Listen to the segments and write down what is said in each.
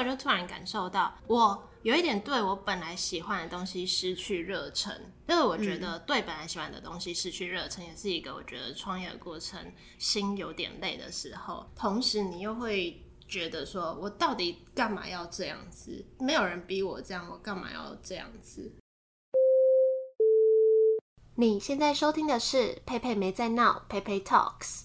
我就突然感受到，我有一點對我本來喜歡的東西失去熱忱，因為我覺得對本來喜歡的東西失去熱忱，也是一個我覺得創業的過程心有點累的時候。同時，你又會覺得說，我到底幹嘛要這樣子？沒有人逼我這樣，我幹嘛要這樣子？你現在收聽的是佩佩沒在鬧佩佩 Talks。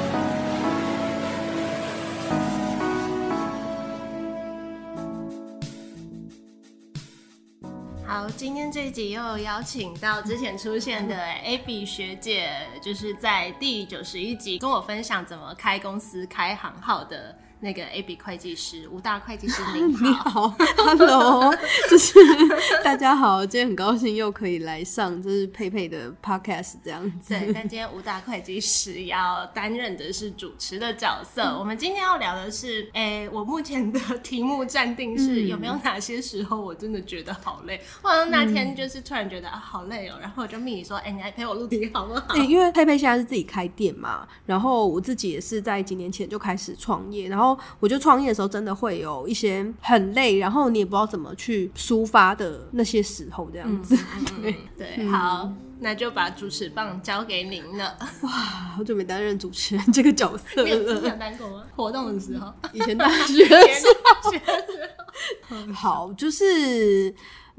好，今天這一集又有邀請到之前出現的、欸嗯、Abby 學姐，就是在第九十一集跟我分享怎麼開公司、開行號的。那個 Abby 會計師吳大會計師您好，Hello，就是大家好，今天很高興又可以來上就是佩佩的 Podcast 這樣子。對，但今天吳大會計師要擔任的是主持的角色。嗯、我們今天要聊的是，哎，我目前的題目暫定是、嗯、有沒有哪些時候我真的覺得好累？或者那天就是突然覺得好累哦，嗯、然後我就密你說，哎，你來陪我錄題好不好？對，因為佩佩現在是自己開店嘛，然後我自己也是在幾年前就開始創業，然後。我就創業的時候真的會有一些很累，然後你也不知道怎麼去抒發的那些時候，這樣子。嗯嗯、對，嗯、好，那就把主持棒交給您了。哇，好久沒擔任主持人這個角色了。 你常過活動的時候，嗯、以前大學的時候。 的時候 好，就是。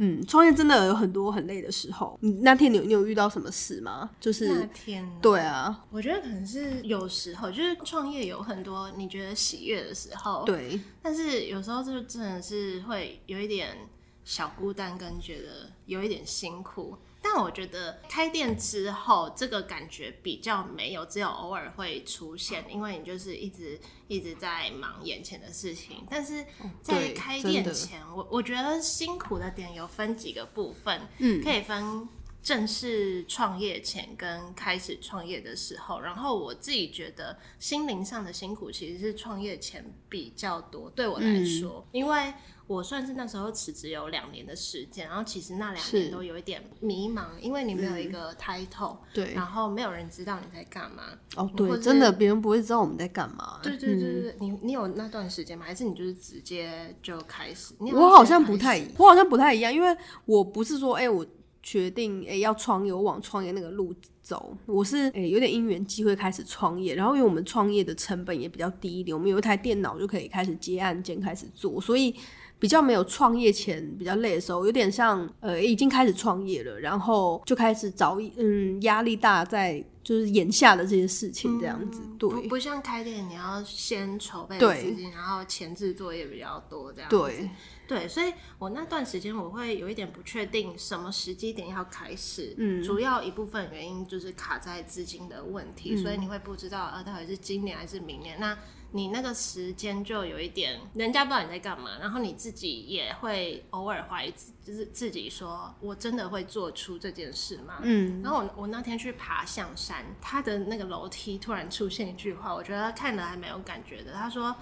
嗯，創業真的有很多很累的時候。你那天你有你有遇到什麼事嗎？就是那天，對啊，我覺得可能是有時候，就是創業有很多你覺得喜悅的時候，對，但是有時候就真的是會有一點小孤單，跟覺得有一點辛苦。但我覺得開店之後，這個感覺比較沒有，只有偶爾會出現，因為你就是一直一直在忙眼前的事情。但是在開店前，我我覺得辛苦的點有分幾個部分，嗯、可以分正式創業前跟開始創業的時候。然後我自己覺得心靈上的辛苦其實是創業前比較多，對我來說，嗯、因為。我算是那時候辭職有兩年的時間，然後其實那兩年都有一點迷茫，是，因為你沒有一個 title，對、嗯，然後沒有人知道你在幹嘛。哦，對，真的，別人不會知道我們在幹嘛。對對對，對，對、嗯、你你有那段時間嗎？還是你就是直接就開始？開始我好像不太，我好像不太一樣，因為我不是說哎、欸，我決定哎、欸、要創業，我往創業那個路走。我是哎、欸、有點因緣機會開始創業，然後因為我們創業的成本也比較低一點，我們有一台電腦就可以開始接案件，開始做，所以。比較沒有創業前比較累的時候，有點像呃，已經開始創業了，然後就開始找嗯壓力大，在就是眼下的這些事情這樣子，對、嗯不，不像開店，你要先籌備資金，對然後前置作業比較多這樣子。對對，所以我那段時間我會有一點不確定什麼時機點要開始，嗯，主要一部分原因就是卡在資金的問題，嗯、所以你會不知道呃、啊、到底是今年還是明年，那你那個時間就有一點人家不知道你在幹嘛，然後你自己也會偶爾懷疑，就是自己說我真的會做出這件事嗎？嗯，然後我我那天去爬象山，他的那個樓梯突然出現一句話，我覺得他看了還蠻有感覺的，他說。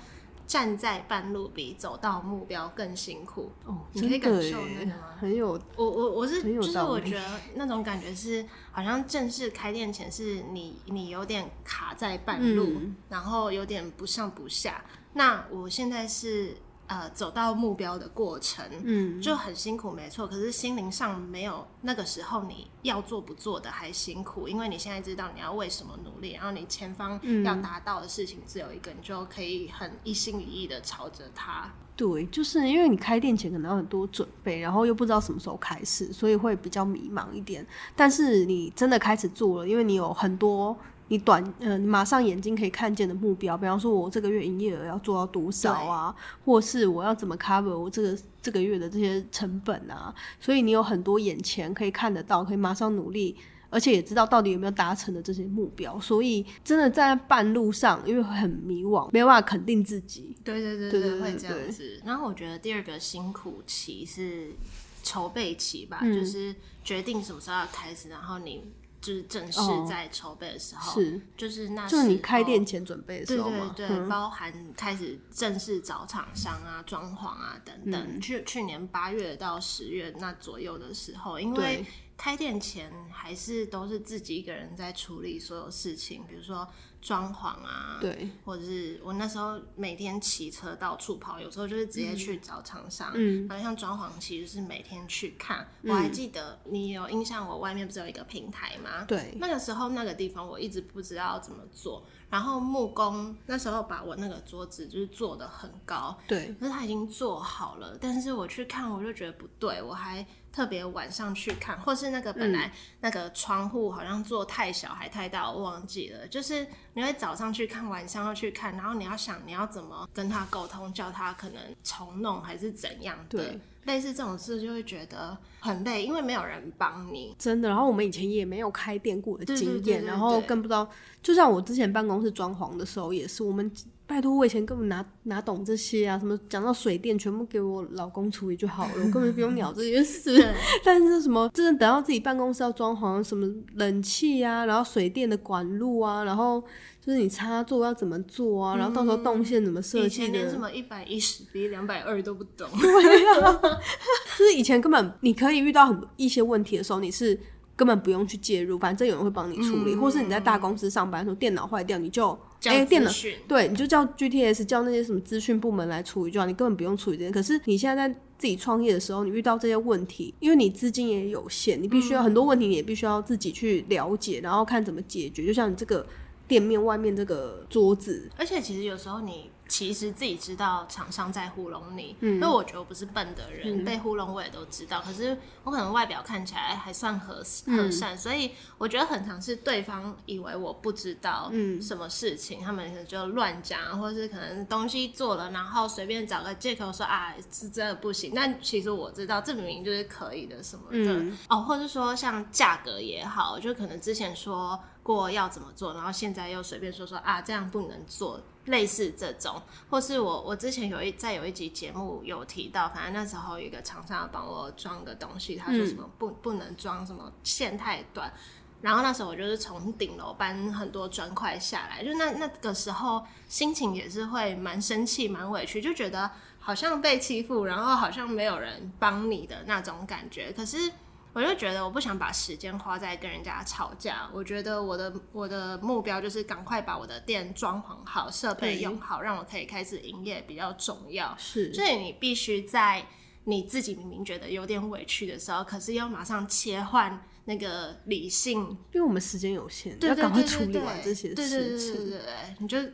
站在半路比走到目標更辛苦哦，你可以感受那個嗎？很有，我我我是就是我覺得那種感覺是，好像正式開店前是你你有點卡在半路，嗯、然後有點不上不下。那我現在是。呃，走到目標的過程，嗯，就很辛苦，沒錯。可是心靈上沒有那個時候你要做不做的還辛苦，因為你現在知道你要為什麼努力，然後你前方要達到的事情只有一個，嗯，你就可以很一心一意的朝着它。對，就是因為你開店前可能要很多準備，然後又不知道什麼時候開始，所以會比較迷茫一點。但是你真的開始做了，因為你有很多。你短呃，你馬上眼睛可以看見的目標，比方說我這個月營業額要做到多少啊，對或是我要怎麼 cover 我這個這個月的這些成本啊，所以你有很多眼前可以看得到，可以馬上努力，而且也知道到底有沒有達成的這些目標，所以真的在半路上，因為很迷惘，沒有辦法肯定自己。對對對，對對對，對對對會這樣子。然後對我覺得第二個辛苦期是籌備期吧，嗯、就是決定什麼時候要開始，然後你。就是正式在籌備的時候，是、oh, 就是那時候，是你開店前準備的時候嗎？對對對，嗯、包含開始正式找廠商啊、裝潢啊等等。嗯、去去年八月到十月那左右的時候，因為開店前還是都是自己一個人在處理所有事情，比如說。裝潢啊，對，或者是我，我那時候每天騎車到處跑，有時候就是直接去找廠商。嗯，然後像裝潢，其實是每天去看。嗯，我還記得，你有印象，我外面不是有一個平台嗎？對，那個時候那個地方我一直不知道怎麼做。然後木工那時候把我那個桌子就是做得很高，對，可是他已經做好了，但是我去看我就覺得不對，我還特別晚上去看，或是那個本來、嗯、那個窗戶好像做太小還太大，我忘記了，就是你會早上去看，晚上要去看，然後你要想你要怎麼跟他溝通，叫他可能重弄還是怎樣，對。類似這種事就會覺得很累，因為沒有人幫你。真的，然後我們以前也沒有開店過的經驗，然後更不知道。對就像我之前辦公室裝潢的時候也是，我們。拜託，我以前根本哪哪懂這些啊，什麼講到水電，全部給我老公處理就好了， 我根本不用鳥這些事。對但是什麼，真的等到自己辦公室要裝潢，什麼冷氣啊，然後水電的管路啊，然後就是你插座要怎麼做啊，嗯嗯，然後到時候動線怎麼設計，連什麼一百一十比兩百二都不懂。對呀，就是以前根本你可以遇到很一些問題的時候，你是。根本不用去介入，反正有人會幫你處理，嗯、或是你在大公司上班的時候，電腦壞掉，你就哎、欸，電腦，對，你就叫 GTS 叫那些什麼資訊部門來處理就好，你根本不用處理這些。可是你現在在自己創業的時候，你遇到這些問題，因為你資金也有限，你必須要、嗯、很多問題你也必須要自己去了解，然後看怎麼解決。就像你這個店面外面這個桌子，而且其實有時候你。其實自己知道廠商在糊弄你，嗯、因為我覺得我不是笨的人，被糊弄我也都知道。嗯、可是我可能外表看起來還算和和、嗯、善，所以我覺得很常是對方以為我不知道什麼事情，嗯、他們可能就亂講，或者是可能東西做了，然後隨便找個借口說啊是真的不行。那其實我知道這明明就是可以的什麼的、嗯、哦，或者說像價格也好，就可能之前說過要怎麼做，然後現在又隨便說說啊這樣不能做。類似這種，或是我我之前有一在有一集節目有提到，反正那時候一個廠商要幫我裝個東西，他說什麼不不能裝，什麼線太短。嗯。然後那時候我就是從頂樓搬很多磚塊下來，就那那個時候心情也是會蠻生氣、蠻委屈，就覺得好像被欺負，然後好像沒有人幫你的那種感覺。可是。我就覺得我不想把時間花在跟人家吵架，我覺得我的我的目標就是趕快把我的店裝潢好，設備用好，欸、讓我可以開始營業比較重要。是，所以你必須在你自己明明覺得有點委屈的時候，可是又馬上切換那個理性，因為我們時間有限，對，對，對，對，對，對，要趕快處理完這些事情。對對對，對，對，對你就你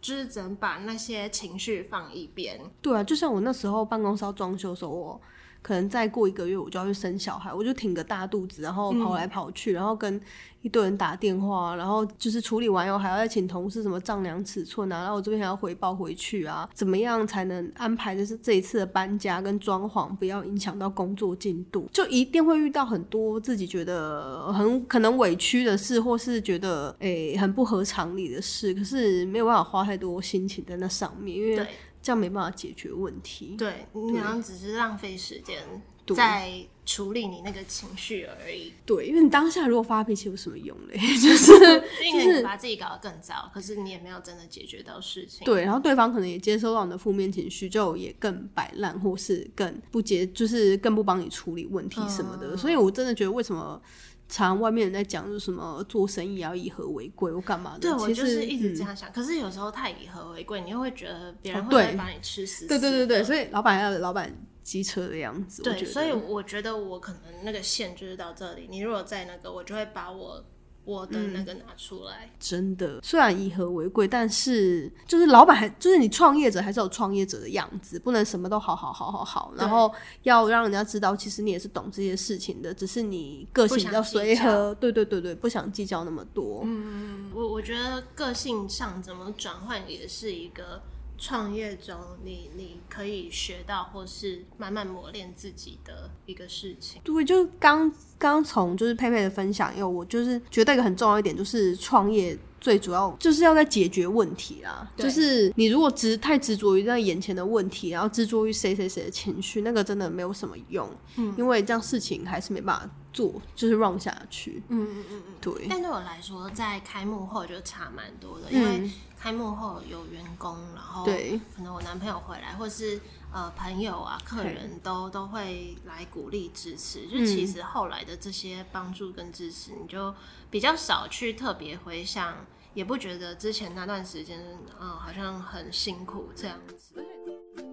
就是，只能把那些情緒放一邊。對啊，就像我那時候辦公室要裝修的時候，我。可能再過一個月我就要去生小孩，我就挺個大肚子，然後跑來跑去，然後跟一堆人打電話，嗯、然後就是處理完以後還要再請同事什麼丈量尺寸啊，然後我這邊還要回報回去啊，怎麼樣才能安排就是這一次的搬家跟裝潢不要影響到工作進度？就一定會遇到很多自己覺得很可能委屈的事，或是覺得誒、欸、很不合常理的事，可是沒有辦法花太多心情在那上面，因為。這樣沒辦法解決問題，對，對，你好像只是浪費時間。對在處理你那個情緒而已。對，因為你當下如果發脾氣有什麼用嘞？就是， 因為你把自己搞得更糟。可是你也沒有真的解決到事情。對，然後對方可能也接收到你的負面情緒，就也更擺爛，或是更不接，就是更不幫你處理問題什麼的。嗯、所以我真的覺得，為什麼常外面人在講，就什麼做生意要以和為貴，我幹嘛的？對，其實我就是一直這樣想。嗯、可是有時候太以和為貴，你又會覺得別人會把你吃死死的。對對對對，所以老闆要老闆。機車的樣子，對，我覺得所以我覺得我可能那個線就是到這裡。你如果在那個，我就會把我我的那個拿出來。嗯，真的，雖然以和為貴，但是就是老闆還就是你創業者還是有創業者的樣子，不能什麼都好好好好好，對然後要讓人家知道，其實你也是懂這些事情的，只是你個性比較隨和。對對對對，不想計較那麼多。嗯，我我覺得個性上怎麼轉換也是一個創業中你，你你可以學到或是慢慢磨練自己的一個事情。對，就是剛剛從就是佩佩的分享，因為我就是覺得一個很重要一點，就是創業最主要就是要在解決問題啦。對就是你如果執太執着於在眼前的問題，然後執着於誰誰誰的情緒，那個真的沒有什麼用。嗯，因為這樣事情還是沒辦法。做就是 run 下去，嗯嗯嗯對。但對我來說，在開幕後就差蠻多的，嗯、因為開幕後有員工，然後可能我男朋友回來，或是呃朋友啊、客人都嘿都會來鼓勵支持。就其實後來的這些幫助跟支持，嗯、你就比較少去特別回想，也不覺得之前那段時間，嗯、呃，好像很辛苦這樣子。嗯，對。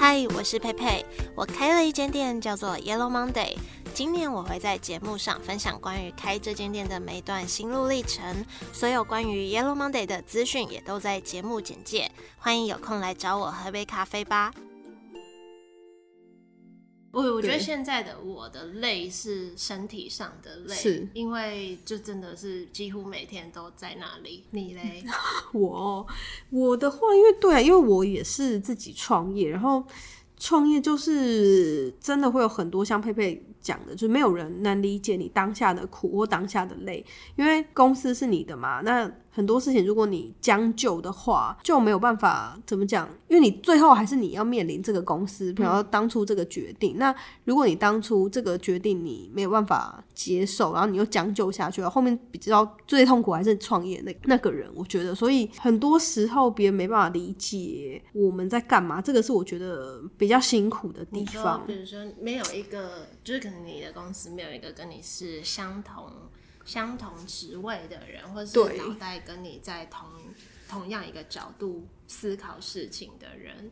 嗨，Hi，我是佩佩。我開了一間店，叫做 Yellow Monday。今年我會在節目上分享關於開這間店的每一段心路歷程。所有關於 Yellow Monday 的資訊也都在節目簡介。歡迎有空來找我喝杯咖啡吧。我、嗯、我覺得現在的我的累是身體上的累，是因為就真的是幾乎每天都在那裡。你咧？我，我的話，因為，對啊，因為我也是自己創業，然後創業就是真的會有很多像佩佩講的，就是沒有人能理解你當下的苦或當下的累，因為公司是你的嘛。那很多事情，如果你將就的話，就沒有辦法怎麼講？因為你最後還是你要面臨這個公司，然後當初這個決定。嗯、那如果你當初這個決定你沒有辦法接受，然後你又將就下去了，後面比較最痛苦還是創業那那個人。我覺得，所以很多時候別人沒辦法理解我們在幹嘛，這個是我覺得比較辛苦的地方。比如說，沒有一個，就是可能你的公司沒有一個跟你是相同。相同職位的人，或是腦袋跟你在同對同樣一個角度思考事情的人，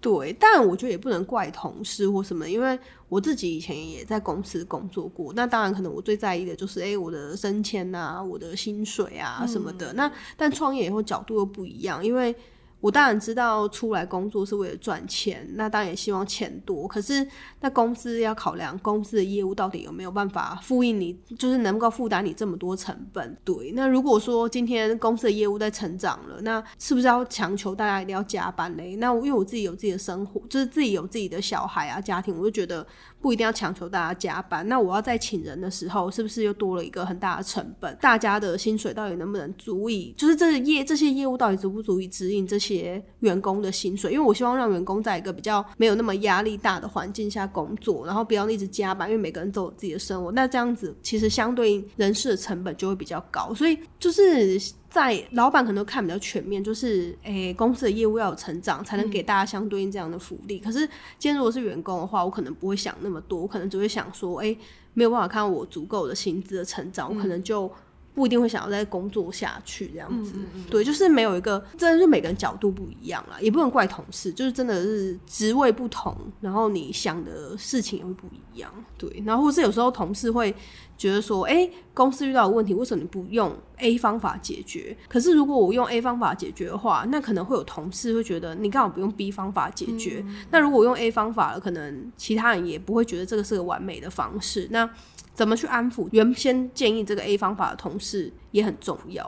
對。但我覺得也不能怪同事或什麼，因為我自己以前也在公司工作過。那當然，可能我最在意的就是，誒、欸，我的升遷啊，我的薪水啊什麼的。嗯、那但創業以後角度又不一樣，因為。我當然知道出來工作是為了賺錢，那當然也希望錢多。可是那公司要考量公司的業務到底有沒有辦法支應你，就是能夠負擔你這麼多成本。對，那如果說今天公司的業務在成長了，那是不是要強求大家一定要加班嘞？那我因為我自己有自己的生活，就是自己有自己的小孩啊、家庭，我就覺得不一定要強求大家加班。那我要再請人的時候，是不是又多了一個很大的成本？大家的薪水到底能不能足以，就是這業這些業務到底足不足以支應這些？些員工的薪水，因為我希望讓員工在一個比較沒有那麼壓力大的環境下工作，然後不要一直加班，因為每個人都有自己的生活。那這樣子其實相對人事的成本就會比較高，所以就是在老闆可能都看比較全面，就是誒、欸、公司的業務要有成長，才能給大家相對應這樣的福利。嗯、可是今天如果是員工的話，我可能不會想那麼多，我可能只會想說，誒、欸，沒有辦法看我足夠的薪資的成長，我可能就。不一定會想要再工作下去這樣子，嗯嗯，對，就是沒有一個，真的是每個人角度不一樣啦，也不能怪同事，就是真的是職位不同，然後你想的事情也會不一樣，對，然後或是有時候同事會。覺得說，誒、欸，公司遇到的問題，為什麼你不用 A 方法解決？可是如果我用 A 方法解決的話，那可能會有同事會覺得你剛好不用 B 方法解決。嗯、那如果我用 A 方法了，可能其他人也不會覺得這個是個完美的方式。那怎麼去安撫原先建議這個 A 方法的同事也很重要。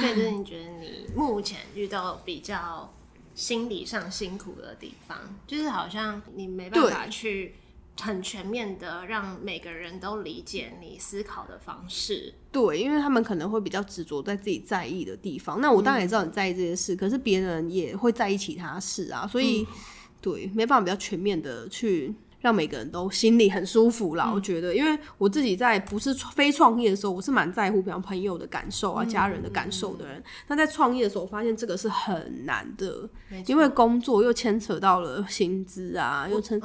所以，就是你覺得你目前遇到比較心理上辛苦的地方，就是好像你沒辦法去很全面的，讓每個人都理解你思考的方式。對，因為他們可能會比較執着在自己在意的地方。那我當然也知道你在意這些事，嗯、可是別人也會在意其他事啊。所以，嗯、對，沒辦法比較全面的去。讓每個人都心裡很舒服了，嗯、我覺得，因為我自己在不是非創業的時候，我是蠻在乎，比方朋友的感受啊、嗯、家人的感受的人。那、嗯、在創業的時候，我發現這個是很難的，錯因為工作又牽扯到了薪資啊，又成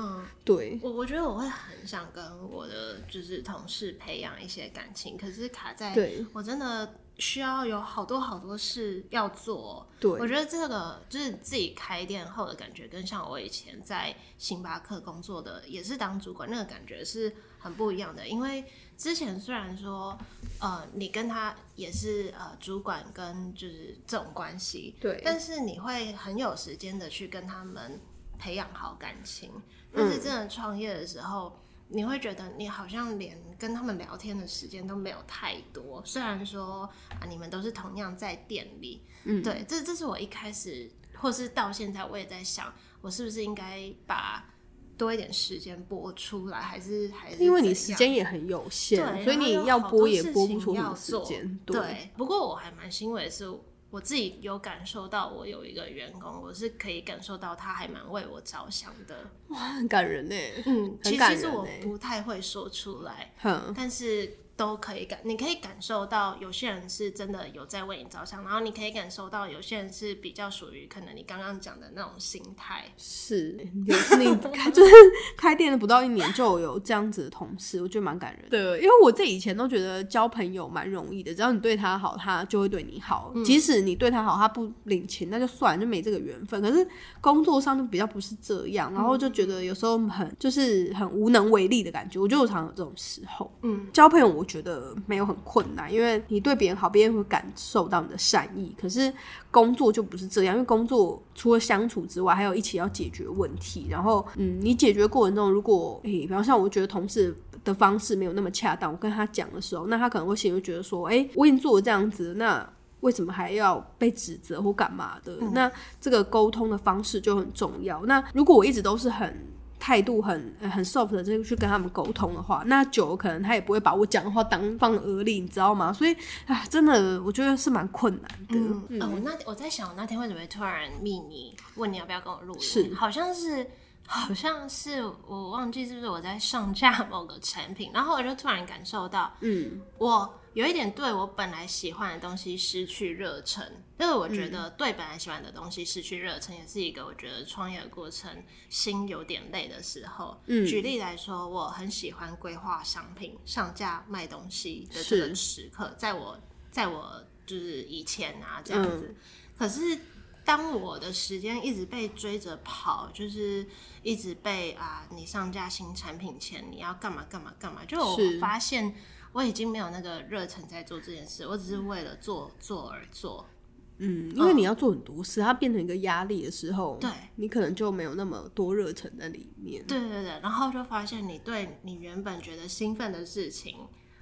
對。我我覺得我會很想跟我的就是同事培養一些感情，可是卡在對我真的。需要有好多好多事要做，對，我覺得這個就是自己開店後的感覺，跟像我以前在星巴克工作的也是當主管那個感覺是很不一樣的。因為之前雖然說，呃，你跟他也是呃主管跟就是這種關係，對，但是你會很有時間的去跟他們培養好感情。嗯，但是真的創業的時候。你會覺得你好像連跟他們聊天的時間都沒有太多，雖然說啊，你們都是同樣在店裡，嗯、對，這這是我一開始，或是到現在我也在想，我是不是應該把多一點時間播出來？還是還是因為你時間也很有限，所以你要播也播不出來，很多事情要做，對，不過我還蠻欣慰的是，我自己有感受到，我有一個員工，我是可以感受到他還蠻為我着想的。哇，很感人呢！嗯，其實我不太會說出來，嗯，但是。都可以感，你可以感受到有些人是真的有在為你着想，然後你可以感受到有些人是比較屬於可能你剛剛講的那種心態。是，你開 就是開店的不到一年就有這樣子的同事，我覺得蠻感人的。對，因為我自己以前都覺得交朋友蠻容易的，只要你對他好，他就會對你好。嗯、即使你對他好，他不領情，那就算就沒這個緣分。可是工作上就比較不是這樣，然後就覺得有時候很就是很無能為力的感覺。我就常常有這種時候。嗯，交朋友我。我覺得沒有很困難，因為你對別人好，別人會感受到你的善意。可是工作就不是這樣，因為工作除了相處之外，還有一起要解決問題。然後，嗯，你解決過程中，如果誒、欸，比方像我覺得同事的方式沒有那麼恰當，我跟他講的時候，那他可能會心裡會覺得說：“哎、欸，我已經做了這樣子，那為什麼還要被指責或幹嘛的？”那這個溝通的方式就很重要。那如果我一直都是很。態度很很 soft 的，這個去跟他們溝通的話，那久了可能他也不會把我講的話當放耳裡，你知道嗎？所以啊，真的我覺得是蠻困難的。嗯，我那、嗯呃、我在想，我那天為什麼突然 mini 你，問你要不要跟我錄？是，好像是好像是我忘記是不是我在上架某個產品，然後我就突然感受到，嗯，我。有一點對我本來喜歡的東西失去熱忱，但、就是我覺得對本來喜歡的東西失去熱忱，也是一個我覺得創業的過程心有點累的時候。嗯、舉例來說，我很喜歡規劃商品上架賣東西的這個時刻，是在我在我就是以前啊這樣子，嗯、可是當我的時間一直被追着跑，就是一直被啊，你上架新產品前你要幹嘛幹嘛幹嘛，就我發現。我已經沒有那個熱忱在做這件事，我只是為了做做而做。嗯，因為你要做很多事，oh, 它變成一個壓力的時候，對，你可能就沒有那麼多熱忱在裡面。對對對，然後就發現你對你原本覺得興奮的事情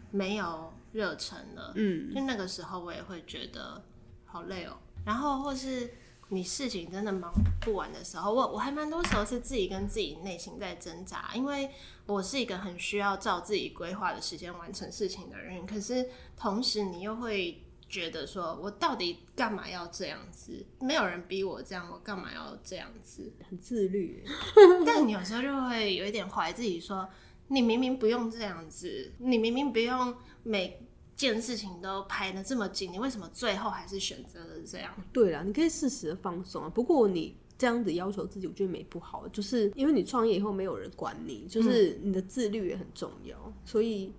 沒有熱忱了。嗯，就那個時候我也會覺得好累哦、喔。然後或是。你事情真的忙不完的時候，我我還蠻多時候是自己跟自己內心在掙扎，因為我是一個很需要照自己規劃的時間完成事情的人。可是同時，你又會覺得說，我到底幹嘛要這樣子？沒有人逼我這樣，我幹嘛要這樣子？很自律， 但你有時候就會有一點懷疑自己說，說你明明不用這樣子，你明明不用每。件事情都排得這麼緊，你為什麼最後還是選擇了這樣？對啦，你可以適時的放鬆啊。不過你這樣子要求自己，我覺得沒不好，就是因為你創業以後沒有人管你，就是你的自律也很重要，嗯、所以。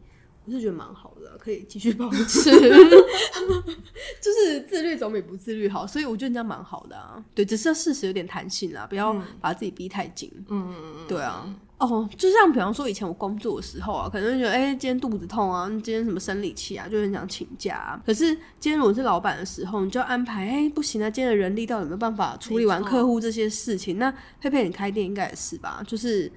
我是覺得蠻好的，啊，可以繼續保持， 就是自律總比不自律好，所以我覺得這樣蠻好的啊。對，只是要適時有點彈性啊，不要把自己逼太緊。嗯嗯嗯對啊。哦，嗯，oh, 就像比方說以前我工作的時候啊，可能覺得哎，欸，今天肚子痛啊，今天什麼生理期啊，就很想請假，啊。可是今天我是老闆的時候，你就要安排哎，欸，不行啊，今天的人力到底有沒有辦法處理完客戶這些事情？錯那佩佩你開店應該也是吧？就是。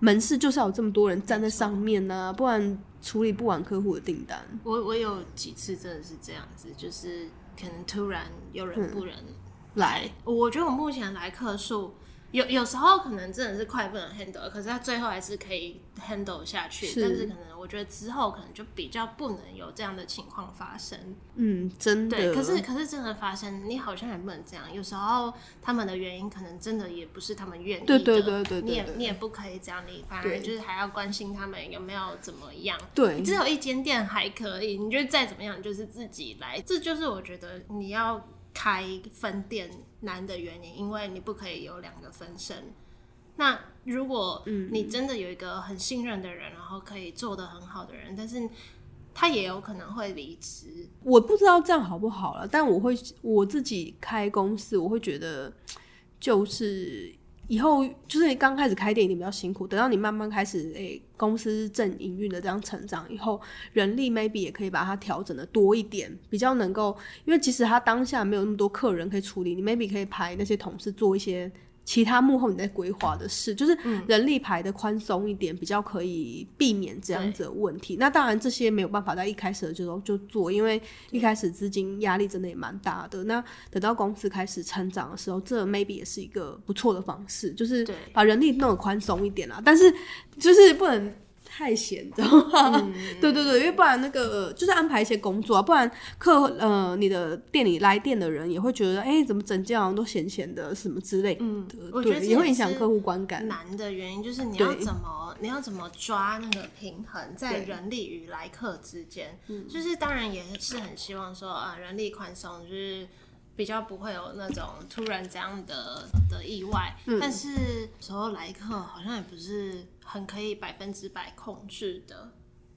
門市就是要有這麼多人站在上面呢、啊，不然處理不完客戶的訂單。我我有幾次真的是這樣子，就是可能突然有人不能、嗯、來，我覺得我目前來客數。有有時候可能真的是快不能 handle，可是他最後還是可以 handle 下去。是。但是可能我覺得之後可能就比較不能有這樣的情況發生。嗯，真的。對。可是可是真的發生，你好像也不能這樣。有時候他們的原因可能真的也不是他們願意的。對對對，對，對，對。你也，你也不可以這樣，你反而就是還要關心他們有沒有怎麼樣。對。只有一間店還可以，你覺得再怎麼樣就是自己來。這就是我覺得你要。開分店難的原因，因為你不可以有兩個分身。那如果你真的有一個很信任的人，嗯嗯，然後可以做得很好的人，但是他也有可能會離職。我不知道這樣好不好了，但我會我自己開公司，我會覺得就是。以後就是你剛開始開店，你比較辛苦。等到你慢慢開始，誒、欸，公司正營運的這樣成長以後，人力 maybe 也可以把它調整的多一點，比較能夠，因為其實他當下沒有那麼多客人可以處理，你 maybe 可以派那些同事做一些，其他幕後你在規劃的事，就是人力排得寬鬆一點，嗯，比較可以避免這樣子的問題。對那當然這些沒有辦法在一開始的時候就做，因為一開始資金壓力真的也蠻大的。那等到公司開始成長的時候，這 maybe 也是一個不錯的方式，就是把人力弄得寬鬆一點啦。對但是就是不能。太閒的，哈哈嗯、對對對，因為不然那個就是安排一些工作啊，不然客呃你的店裡來店的人也會覺得，哎、欸，怎麼整間好像都閒閒的什麼之類的，嗯，對我覺得也會影響客戶觀感。難的原因就是你要怎麼對你要怎麼抓那個平衡，在人力與來客之間，對就是當然也是很希望說啊、呃、人力寬鬆，就是比較不會有那種突然這樣的的意外，嗯、但是有時候來客好像也不是。很可以百分之百控制的，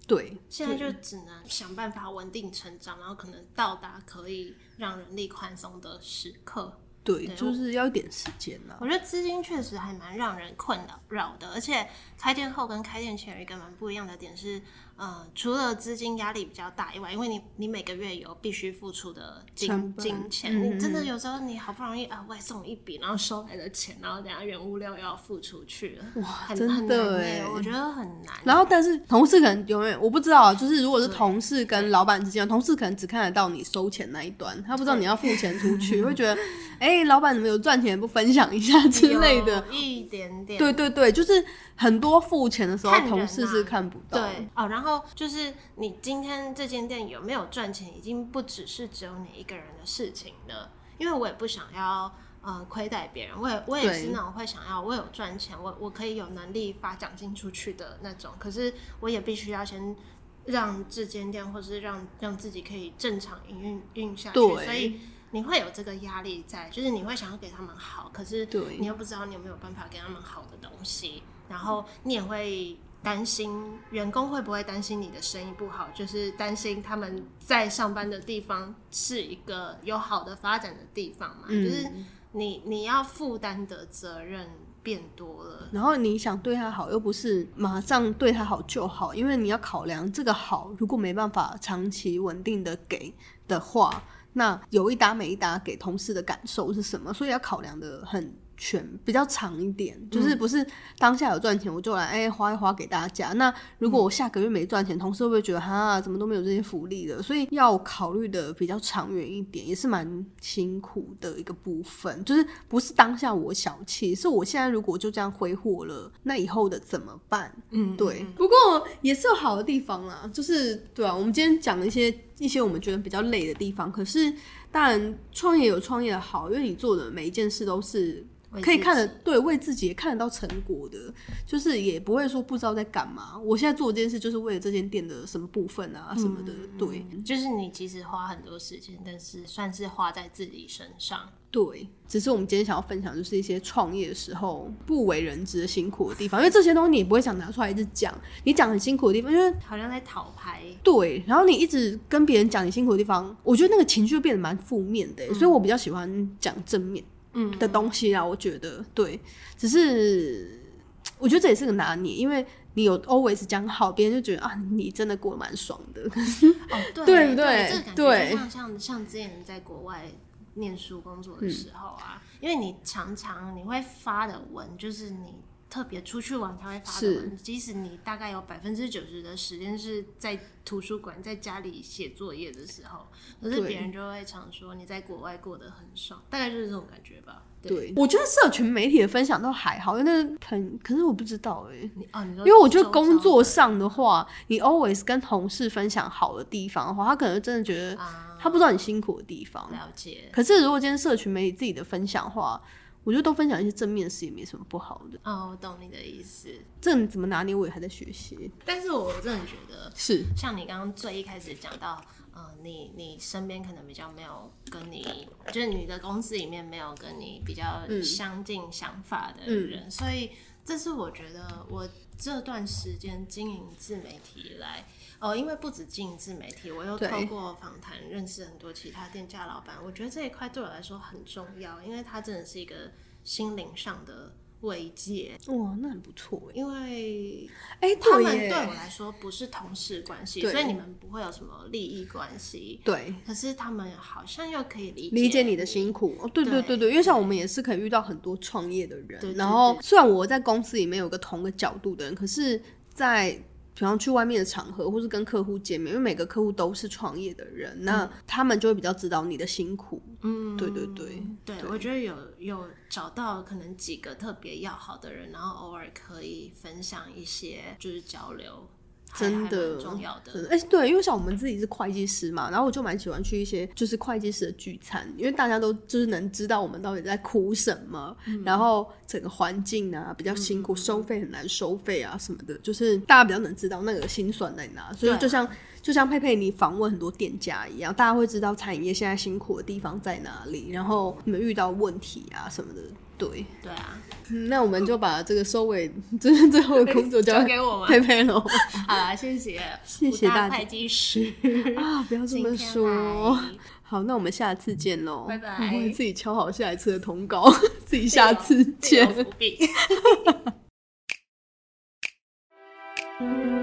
對。對，現在就只能想辦法穩定成長，然後可能到達可以讓人力寬鬆的時刻。對，對吧？就是要一點時間了啊。我覺得資金確實還蠻讓人困擾的，而且開店後跟開店前有一個蠻不一樣的點是。呃，除了資金壓力比較大以外，因為你你每個月有必須付出的金半金錢，嗯、哼你真的有時候你好不容易啊，外、呃、送一筆，然後收來的錢，然後等下原物料又要付出去了，哇，很真的對我覺得很難。然後，但是同事可能永遠我不知道、啊，就是如果是同事跟老闆之間，對同事可能只看得到你收錢那一端，他不知道你要付錢出去，對會覺得哎、欸，老闆怎麼有賺錢不分享一下之類的，一點點，對對對，就是。很多付錢的時候，看人啊、同事是看不到。對哦，然後就是你今天這間店有沒有賺錢，已經不只是只有你一個人的事情了。因為我也不想要呃虧待別人，我也我也是那種會想要我有賺錢，對我我可以有能力發獎金出去的那種。可是我也必須要先讓這間店，或是讓讓自己可以正常營運運下去。對所以你會有這個壓力在，就是你會想要給他們好，可是你又不知道你有沒有辦法給他們好的東西。然後你也會擔心員工會不會擔心你的生意不好，就是擔心他們在上班的地方是一個有好的發展的地方嘛。嗯，就是你你要負擔的責任變多了，然後你想對他好，又不是馬上對他好就好，因為你要考量這個好，如果沒辦法長期穩定的給的話，那有一搭沒一搭給同事的感受是什麼？所以要考量得很全比較長一點，就是不是當下有賺錢我就來哎、欸、花一花給大家。那如果我下個月沒賺錢，同事會不會覺得哈怎麼都沒有這些福利的？所以要考慮的比較長遠一點，也是蠻辛苦的一個部分。就是不是當下我小氣，是我現在如果就這樣揮霍了，那以後的怎麼辦？嗯，對。不過也是有好的地方啦，就是對啊，我們今天講了一些一些我們覺得比較累的地方，可是當然創業有創業的好，因為你做的每一件事都是。可以看得對，為自己也看得到成果的，就是也不會說不知道在幹嘛。我現在做這件事，就是為了這間店的什麼部分啊，嗯、什麼的。對，就是你其實花很多時間，但是算是花在自己身上。對，只是我們今天想要分享的，就是一些創業的時候不為人知的辛苦的地方，因為這些東西你也不會想拿出來一直講。你講很辛苦的地方，因為好像在討拍。對，然後你一直跟別人講你辛苦的地方，我覺得那個情緒就變得蠻負面的，嗯、所以我比較喜歡講正面。嗯，的東西啊，我覺得對，只是我覺得這也是個拿捏，因為你有 always 講好，別人就覺得啊，你真的過得蠻爽的，哦，對不對？對，這個感覺就像對，像像之前在國外念書工作的時候啊，嗯，因為你常常你會發的文就是你。特別出去玩才會發的，是即使你大概有百分之九十的時間是在圖書館在家裡寫作業的時候，可對是別人就會常說你在國外過得很爽，大概就是這種感覺吧。對，對我覺得社群媒體的分享都還好，因為很……可是我不知道哎、欸，哦，你因為我覺得工作上的話，你 always 跟同事分享好的地方的話，他可能真的覺得他不知道你辛苦的地方。啊、了解。可是如果今天社群媒體自己的分享的話，我覺得多分享一些正面的事也沒什麼不好的。哦，我懂你的意思。這怎麼拿捏，我也還在學習。但是，我真的覺得是像你剛剛最一開始講到，嗯、呃，你你身邊可能比較沒有跟你，就是你的公司裡面沒有跟你比較相近想法的人，嗯嗯、所以這是我覺得我這段時間經營自媒體以來。哦，因為不止經營自媒體，我又透過訪談認識很多其他店家老板，對我覺得這一塊對我來說很重要，因為他真的是一個心靈上的慰藉。哇，那很不錯，因為誒，他們對我來說不是同事關係，耶所以你們不會有什麼利益關係。對，可是他們好像又可以理解理解你的辛苦。哦、對對對對，對對對，因為像我們也是可以遇到很多創業的人，對對對對，然後雖然我在公司裡面有個同個角度的人，可是在。平常去外面的場合，或是跟客戶見面，因為每個客戶都是創業的人，嗯、那他們就會比較知道你的辛苦。嗯，對對對。對，對，我覺得有有找到可能幾個特別要好的人，然後偶爾可以分享一些，就是交流。真的，哎，重要的欸、對，因為像我們自己是會計師嘛，然後我就蠻喜歡去一些就是會計師的聚餐，因為大家都就是能知道我們到底在哭什麼，嗯、然後整個環境啊比較辛苦，嗯嗯收費很難收費啊什麼的，就是大家比較能知道那個辛酸在哪，所以就像。就像佩佩你訪問很多店家一樣，大家會知道餐飲業現在辛苦的地方在哪裡，然後你們遇到問題啊什麼的，對。對啊、嗯，那我們就把這個收尾，就 最後的工作交給我們佩佩嘍。好啦，謝謝，謝謝大家。太及時啊！不要這麼說。好，那我們下次見嘍，拜拜。我們自己敲好下一次的通告，自己下次見。有伏筆。